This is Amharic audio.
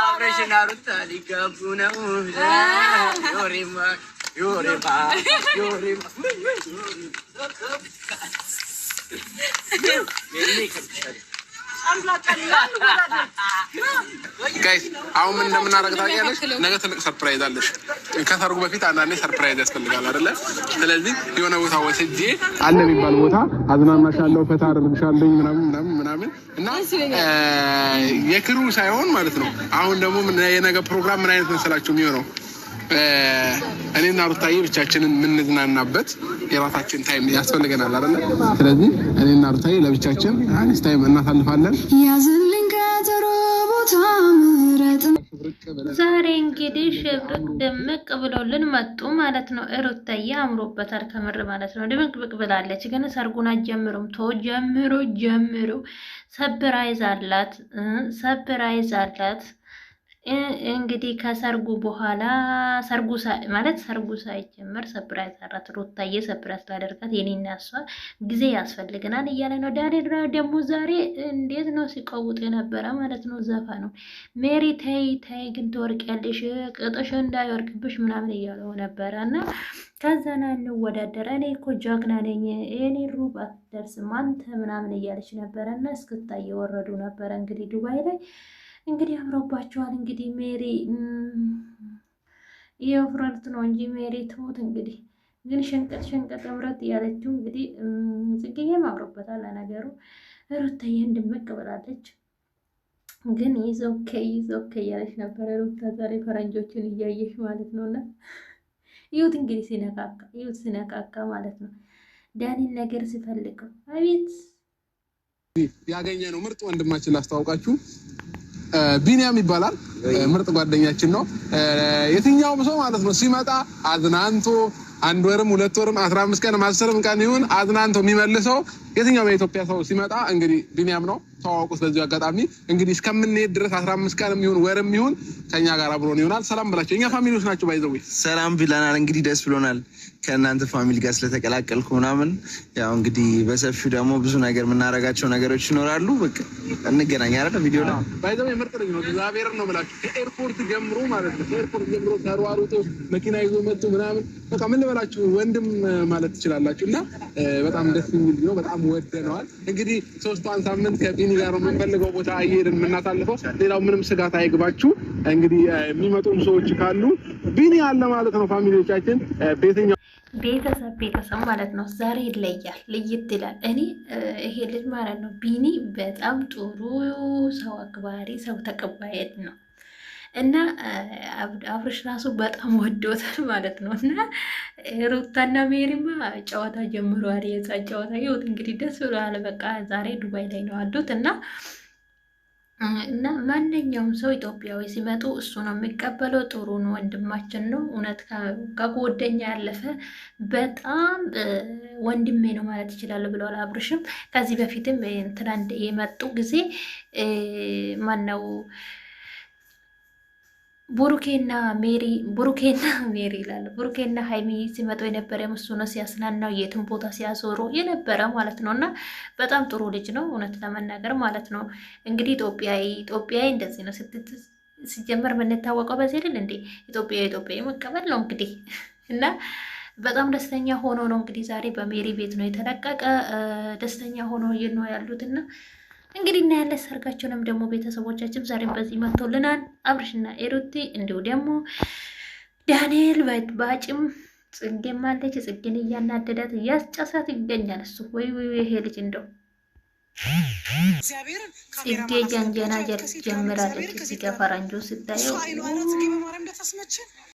አብረሽ ናሩታ ሊጋቡ ነው። ዮሪማ ዮሪማ ዮሪማ ዮሪማ ጋይስ አሁን ምን እንደምናደርግ ታውቂያለሽ? ነገ ትልቅ ሰርፕራይዝ አለሽ። ከሰርጉ በፊት አንዳንዴ ሰርፕራይዝ ያስፈልጋል አይደለ? ስለዚህ የሆነ ቦታ ወስጄ አለ የሚባል ቦታ አዝናናሻለሁ፣ ፈታ አደርግሻለሁ ምናምን ምናምን ምናምን እና የክሩ ሳይሆን ማለት ነው። አሁን ደግሞ የነገ ፕሮግራም ምን አይነት መሰላችሁ የሚሆነው እኔና ሩታዬ ብቻችንን የምንዝናናበት የራሳችን ታይም ያስፈልገናል አይደለ? ስለዚህ እኔና ሩታዬ ለብቻችን አንስ ታይም እናሳልፋለን። ዛሬ እንግዲህ ሽብርቅ ድምቅ ብሎልን መጡ ማለት ነው። እሩታዬ አምሮበታል ከምር ማለት ነው። ድምቅብቅ ብላለች። ግን ሰርጉን አትጀምሩም? ቶ ጀምሩ ጀምሩ። ሰብራይዝ አላት፣ ሰብራይዝ አላት። እንግዲህ ከሰርጉ በኋላ ሰርጉ ማለት ሰርጉ ሳይጀመር ሰፕራይዝ አራት ሩታዬ ሰፕራይዝ ላደርጋት የኔና እሷ ጊዜ ያስፈልግናል እያለ ነው። ዳንኤል ደግሞ ዛሬ እንዴት ነው ሲቀውጥ የነበረ ማለት ነው። ዘፋ ነው ሜሪ ተይ ተይ ግን ትወርቂያለሽ ቅጥሽ እንዳይወርቅብሽ ምናምን እያለው ነበረ እና ከዛና እንወዳደር እኔ እኮ ጀግና ነኝ እኔ ሩብ አትደርስም አንተ ምናምን እያለች ነበረ እና እስክታይ የወረዱ ነበረ እንግዲህ ዱባይ ላይ እንግዲህ አምሮባቸዋል። እንግዲህ ሜሪ የፍረርት ነው እንጂ ሜሪ ትሞት እንግዲህ ግን ሸንቀጥ ሸንቀጥ እምረት እያለችው እንግዲህ ጽጌዬ አምሮበታል። ለነገሩ ሩታዬ ድምቅ ብላለች። ግን ይዘውከ ይዘውከ እያለች ነበረ ሩታ ዛሬ ፈረንጆችን እያየሽ ማለት ነው። እና ይሁት እንግዲህ ሲነቃቃ ይሁት ሲነቃቃ ማለት ነው። ዳኒን ነገር ሲፈልገው አቤት ያገኘ ነው ምርጥ ወንድማችን ላስታውቃችሁ ቢኒያም ይባላል። ምርጥ ጓደኛችን ነው። የትኛውም ሰው ማለት ነው ሲመጣ አዝናንቶ አንድ ወርም ሁለት ወርም አስራ አምስት ቀን አስርም ቀን ይሁን አዝናንቶ የሚመልሰው የትኛውም የኢትዮጵያ ሰው ሲመጣ እንግዲህ ቢኒያም ነው። ተዋወቁት። በዚሁ አጋጣሚ እንግዲህ እስከምንሄድ ድረስ አስራ አምስት ቀን ይሁን ወርም ይሁን ከኛ ጋር አብሮን ይሆናል። ሰላም ብላቸው። እኛ ፋሚሊዎች ናቸው። ባይዘዌ ሰላም ብለናል። እንግዲህ ደስ ብሎናል ከእናንተ ፋሚሊ ጋር ስለተቀላቀልኩ ምናምን። ያው እንግዲህ በሰፊው ደግሞ ብዙ ነገር የምናደርጋቸው ነገሮች ይኖራሉ። በቃ እንገናኝ። ቪዲዮ ነው ባይዘዌ ምርጥ ልጅ ነው። እግዚአብሔርን ነው የምላቸው ከኤርፖርት ጀምሮ ማለት ነው። ከኤርፖርት ጀምሮ ተሯሩጦ መኪና ይዞ መጡ ምናምን በቃ ምን ልበላችሁ ወንድም ማለት ትችላላችሁ። እና በጣም ደስ የሚል ነው። በጣም ወደነዋል። እንግዲህ ሶስቷን ሳምንት ከቢኒ ጋር የምንፈልገው ቦታ እየሄድን የምናሳልፈው። ሌላው ምንም ስጋት አይግባችሁ። እንግዲህ የሚመጡም ሰዎች ካሉ ቢኒ አለ ማለት ነው። ፋሚሊዎቻችን በየትኛው ቤተሰብ ቤተሰብ ማለት ነው። ዛሬ ይለያል፣ ልይት ይላል። እኔ ይሄ ልጅ ማለት ነው ቢኒ በጣም ጥሩ ሰው አክባሪ ሰው ተቀባይ ነው። እና አብርሽ ራሱ በጣም ወዶታል ማለት ነው። እና ሩታና ሜሪማ ጨዋታ ጀምሯል። የዛ ጨዋታ ይሁት እንግዲህ ደስ ብሏል። በቃ ዛሬ ዱባይ ላይ ነው አሉት እና እና ማንኛውም ሰው ኢትዮጵያዊ ሲመጡ እሱ ነው የሚቀበለው። ጥሩ ወንድማችን ነው። እውነት ከጎደኛ ያለፈ በጣም ወንድሜ ነው ማለት ይችላሉ ብለዋል። አብርሽም ከዚህ በፊትም ትናንት የመጡ ጊዜ ማነው ቡሩኬና ሜሪ ቡሩኬና ሜሪ ይላል። ቡሩኬና ሀይሚ ሲመጡ የነበረ ምሱ ነው ሲያስናናው የትም ቦታ ሲያዞሩ የነበረ ማለት ነው። እና በጣም ጥሩ ልጅ ነው እውነት ለመናገር ማለት ነው። እንግዲህ ኢትዮጵያዊ ኢትዮጵያዊ እንደዚህ ነው ሲጀመር የምንታወቀው በዚህ አይደል እንዴ? ኢትዮጵያዊ ኢትዮጵያዊ መቀበል ነው እንግዲህ እና በጣም ደስተኛ ሆኖ ነው እንግዲህ ዛሬ በሜሪ ቤት ነው የተለቀቀ። ደስተኛ ሆኖ ነው ያሉት እና እንግዲህ እናያለን። ሰርጋቸውንም ደግሞ ቤተሰቦቻችን ዛሬም በዚህ መጥቶልናል። አብርሽና ኤሩቲ እንዲሁ ደግሞ ዳንኤል ባጭም ጽጌም አለች። ጽጌን እያናደዳት እያስጨሳት ይገኛል። እሱ ወይ ወይ ይሄ ልጅ እንደው ጽጌ ጀንጀና ጀምራለች። እዚህ ጋ ፈረንጁ ስታየው